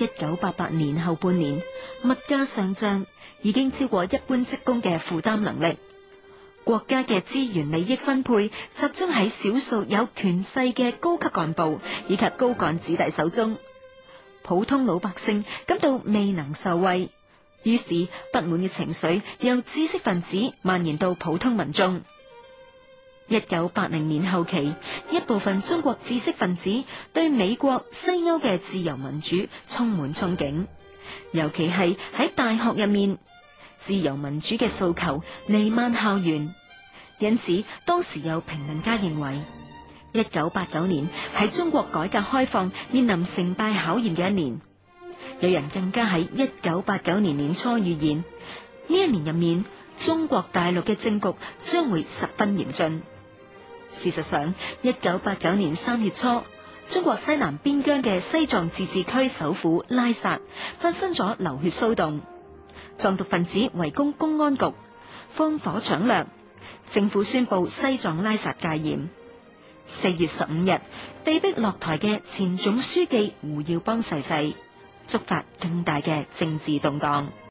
一九八八年後半年，物價上漲已經超過一般職工嘅負擔能力。國家嘅資源利益分配集中喺少數有權勢嘅高級幹部以及高幹子弟手中，普通老百姓感到未能受惠，於是不滿嘅情緒由知識分子蔓延到普通民眾。一九八零年後期，一部分中國知識分子對美國、西歐嘅自由民主充滿憧憬，尤其係喺大學入面，自由民主嘅訴求瀰漫校園。因此，當時有評論家認為，一九八九年係中國改革開放面臨成敗考驗嘅一年。有人更加喺一九八九年年初預言，呢一年入面，中國大陸嘅政局將會十分嚴峻。事實上，一九八九年三月初，中國西南邊疆嘅西藏自治區首府拉薩發生咗流血騷動，藏獨分子圍攻公安局，放火搶掠，政府宣布西藏拉薩戒嚴。四月十五日，被迫落台嘅前總書記胡耀邦逝世，觸發更大嘅政治動盪。